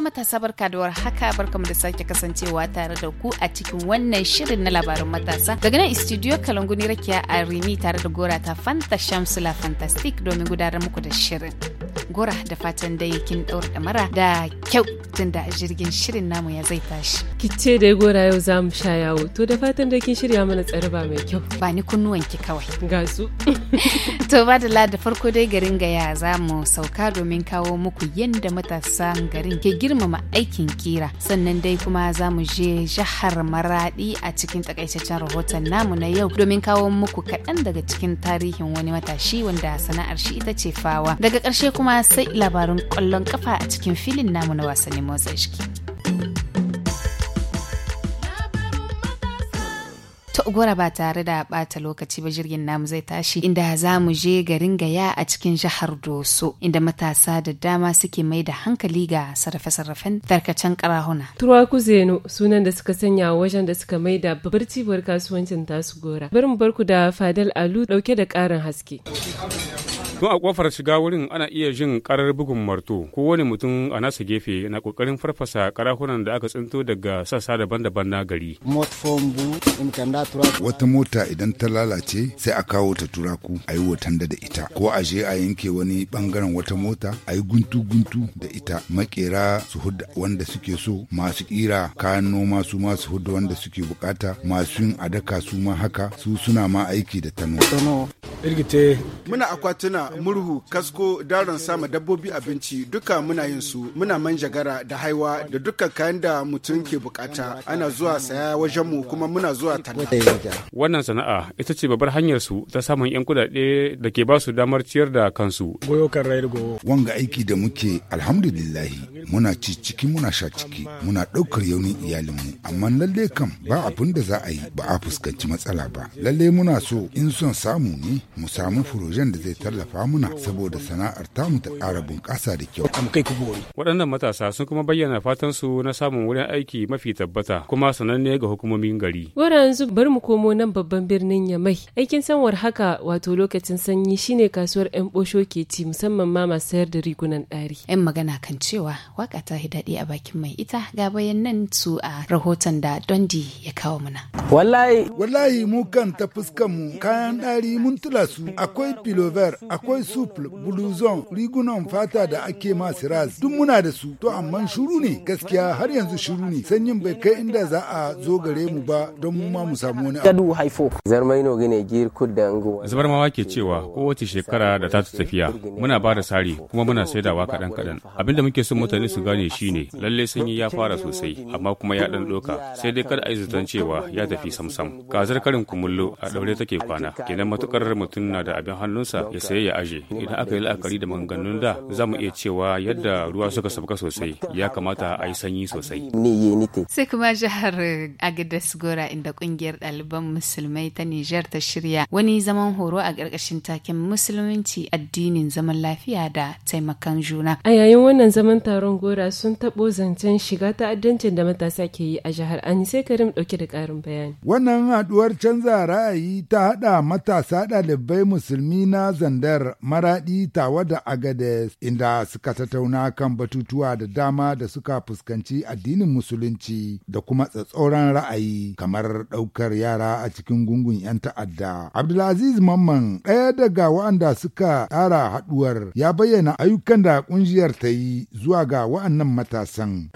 matasa barka da war haka barkamu da sake kasancewa tare da ku a cikin wannan shirin na labarin matasa daga nan studio kalanguni rakiya a rimi tare da gora ta fanta shamsula fantastic domin gudanar muku da shirin gora da fatan dai kin da mara da kyau tunda jirgin shirin namu ya zai tashi. ki ce dai gora yau za mu sha yawo to da fatan dai kin shirya mana tsaraba mai kyau. Ba ni kunnuwan ki kawai. Ga su. to ba da da farko dai garin gaya za mu sauka domin kawo muku yadda matasan garin ke girmama aikin kira sannan dai kuma za mu je jihar maradi a cikin takaitaccen rahoton namu na yau domin kawo muku kaɗan daga cikin tarihin wani matashi wanda sana'ar shi ita ce fawa daga ƙarshe kuma sai labarun kwallon kafa a cikin filin namu na wasannin motsa jiki. gora ba tare da bata lokaci ba jirgin namu zai tashi inda za mu je garin gaya a cikin jihar doso inda matasa da dama suke mai da hankali ga sarrafe-sarrafen tarkacen karahuna. turwa ku zeno sunan da suka sanya wajen da suka mai da babbar cibiyar kasuwancin tasu gora bari mu bar ku da fadal alu dauke da ƙarin haske. Tun a kofar shiga wurin ana iya jin karar bugun marto ko wani mutum a nasa gefe na kokarin farfasa karahunan da aka tsinto daga sassa daban-daban na gari. Wata mota idan ta lalace sai a kawo ta turaku a yi watan da ita ko a je a yanke wani bangaren wata mota a yi guntu-guntu da ita makera su hudu wanda suke so masu kira kayan noma su ma su hudu wanda suke bukata masu yin adaka su ma haka su suna ma aiki da tano. irgite muna akwatuna murhu kasko daron sama dabbobi abinci duka muna yin su muna manjagara da haiwa da duka kayan da mutum ke bukata ana zuwa saya wajen mu kuma muna zuwa tana wannan sana'a ita ce babbar hanyar su ta samun yan kudade da ke basu damar ciyar da kansu goyo kan wanga aiki da muke alhamdulillahi muna ci ciki muna sha ciki muna daukar yaunin mu amma lalle kam ba abin da za a yi ba a fuskanci matsala ba lalle muna so in son samu ne mu samu furojen da zai tallafa muna saboda sana'ar tamu ta ƙara bunƙasa da kyau. Waɗannan matasa sun kuma bayyana fatan su na samun wurin aiki mafi tabbata kuma sananne ga hukumomin gari. Wara yanzu bari mu komo nan babban birnin Yamai. Aikin sanwar haka wato lokacin sanyi shine kasuwar 'yan ɓosho ke ci musamman ma masu sayar da rigunan ɗari. 'Yan magana kan cewa waka ta daɗi a bakin mai ita ga bayan nan su a rahoton da Dondi ya kawo muna. Wallahi. Wallahi mu kan ta fuskan mu kayan ɗari mun tula su akwai pilover akwai suple bluzon rigunan fata da ake ma ras duk muna da su to amma shuru ne gaskiya har yanzu shuru ne sanyin bai kai inda za a zo gare mu ba don mu ma mu samu wani abu zarmaino gine girkud da anguwa zabarmawa ke cewa kowace shekara da ta tafiya muna ba da sari kuma muna saidawa kaɗan kaɗan abinda muke son mutane su gane shine lalle sanyi ya fara sosai amma kuma ya ɗan ɗoka sai dai kada a yi zaton cewa ya tafi samsam kazar karin kumullo a ɗaure take kwana kenan matukar mutum mutum na da abin hannunsa ya saye ya aje idan aka yi la'akari da manganun da za mu iya cewa yadda ruwa suka sauka sosai ya kamata a yi sanyi sosai sai kuma jihar agadas gora inda kungiyar ɗaliban musulmai ta nijar ta shirya wani zaman horo a ƙarƙashin taken musulunci addinin zaman lafiya da taimakan juna a yayin wannan zaman taron gora sun taɓo zancen shiga ta'addancin da matasa ke yi a jihar an sai karim ɗauke da ƙarin bayani wannan haɗuwar canza ra'ayi ta haɗa matasa ɗalibai ɗalibai musulmi na zandar maraɗi tawa da agades inda suka tattauna kan batutuwa da dama da suka fuskanci addinin musulunci da kuma tsatsauran ra'ayi kamar ɗaukar yara a cikin gungun 'yan ta'adda. Abdulaziz Mamman ɗaya daga wa'anda suka tsara haɗuwar ya bayyana ayyukan da ƙungiyar ta yi zuwa ga wa'annan matasan.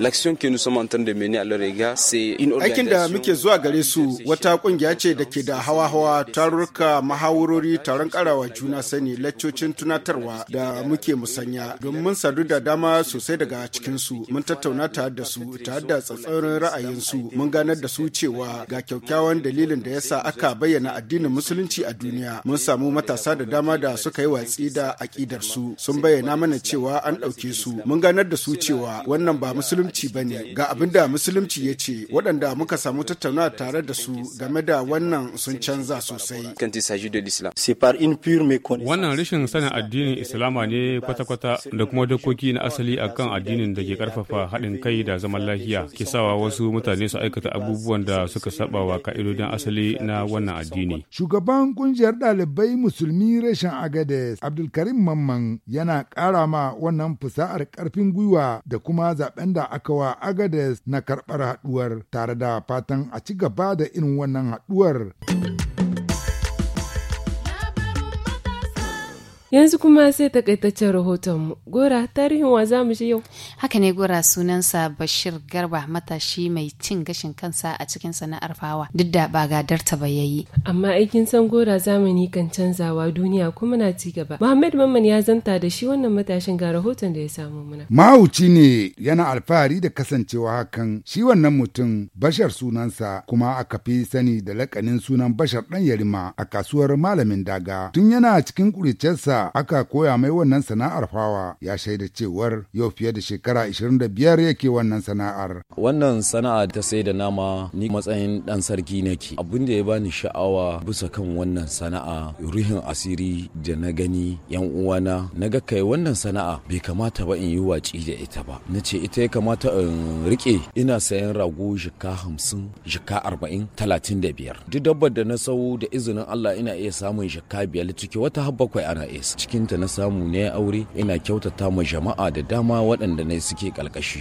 Aikin da muke zuwa gare su wata ƙungiya ce da ke da hawa-hawa tarurruka mahawurori taron karawa juna sani laccocin tunatarwa da muke musanya don mun sadu da dama sosai daga cikinsu mun tattauna tare da su tare da tsatsaurin ra'ayinsu mun ganar da su cewa ga kyakkyawan dalilin da yasa aka bayyana addinin musulunci a duniya mun samu matasa da dama da suka yi watsi da aƙidar su sun bayyana mana cewa an ɗauke su mun ganar da su cewa wannan ba musulunci ba ne ga abin da musulunci ya ce waɗanda muka samu tattauna tare da su game da wannan sun canza sosai Wannan rashin sanin addinin Islama ne kwata-kwata da kuma dokoki na asali a kan addinin da ke karfafa haɗin kai da zaman lafiya ke sawa wasu mutane su aikata abubuwan da suka saba wa ka'idodin asali na wannan addini. Shugaban kungiyar ɗalibai musulmi rashin Agades Abdulkarim Mamman yana ƙara ma wannan fusa'ar ƙarfin gwiwa da kuma zaɓen da aka wa Agades na karɓar haɗuwar tare da fatan a ci gaba da irin wannan haɗuwar. Yanzu kuma sai takaitaccen rahotonmu. Gora, tarihin wa za mu shi yau? Haka ne Gora sunansa Bashir Garba matashi mai cin gashin kansa a cikin sana'ar fawa duk da ba gadarta ba yayi. Amma aikin san Gora zamani kan canzawa duniya kuma na ci gaba. Muhammad Mamman ya zanta da shi wannan matashin ga rahoton da ya samu muna. Mahauci ne yana alfahari da kasancewa hakan shi wannan mutum Bashar sunansa kuma aka fi sani da lakanin sunan Bashar ɗan Yarima a kasuwar Malamin Daga. Tun yana cikin kuricensa aka koya mai wannan sana'ar fawa ya shaida cewar yau fiye da shekara 25 yake wannan sana'ar. Wannan sana'a ta sai da nama ni matsayin dan sarki nake. Abin da ya bani sha'awa bisa kan wannan sana'a ruhin asiri da na gani yan uwana na ga kai wannan sana'a bai kamata ba in yi waci da ita ba. Na ce ita ya kamata in rike ina sayan rago jika hamsin jika arba'in talatin biyar. Duk dabbar da na sau da izinin Allah ina iya samun jika biyar ciki wata har bakwai ana iya cikin cikinta na samu ne aure ina kyautata ma jama'a da dama waɗanda ne suke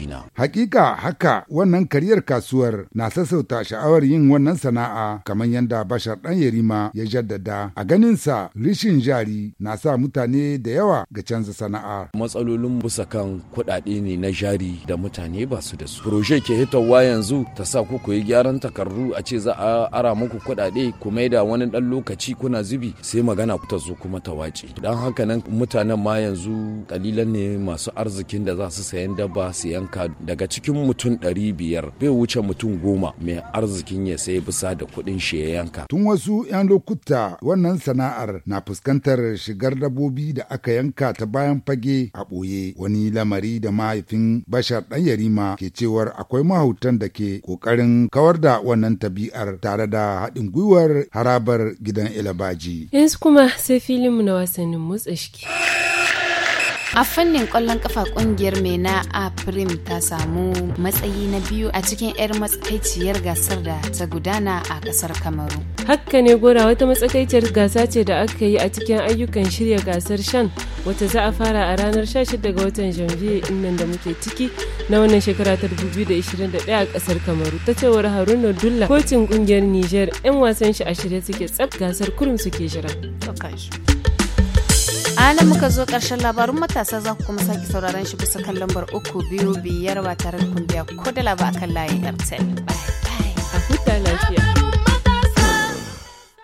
na. Hakika haka wannan kariyar kasuwar na sassauta sha'awar yin wannan sana'a kamar yadda Bashar ɗan Yarima ya jaddada a ganinsa rishin jari na sa mutane da yawa ga canza sana'a. Matsalolin busa kan kuɗaɗe ne na jari da mutane ba su da su. Proje ke hitarwa yanzu ta sa ku koyi gyaran takardu a ce za a ara muku kuɗaɗe ku maida wani ɗan lokaci kuna zubi sai magana ku ta zo kuma ta wace. Dan haka nan mutanen ma yanzu kalilan ne masu arzikin da za su sayan dabba su yanka daga cikin mutum ɗari biyar bai wuce mutum goma mai arzikin ya sai bisa da kuɗin shi ya yanka. Tun wasu 'yan lokuta wannan sana'ar na fuskantar shigar dabbobi da aka yanka ta bayan fage a ɓoye wani lamari da mahaifin Bashar ɗan Yarima ke cewar akwai mahautan da ke ƙoƙarin kawar da wannan tabi'ar tare da haɗin gwiwar harabar gidan Ilabaji. Yanzu kuma sai filinmu na wasanni motsa A fannin kwallon kafa ƙungiyar Mena a Prim ta samu matsayi na biyu a cikin 'yar matsakaiciyar gasar da ta gudana a ƙasar Kamaru. Hakka ne gora wata matsakaiciyar gasa ce da aka yi a cikin ayyukan shirya gasar shan wata za a fara a ranar 16 ga watan Janvier nan da muke ciki na wannan shekara ta 2021 a ƙasar Kamaru. Ta cewar Haruna Dulla kocin ƙungiyar Niger 'yan wasan shi a shirye suke tsaf gasar kurum suke jira. a muka zo ƙarshen labarin matasa za ku kuma sake sauraron shi bisa kan lambar uku biyu biyar ba tare da kumbiya ko da laba akan layin airtel a huta lafiya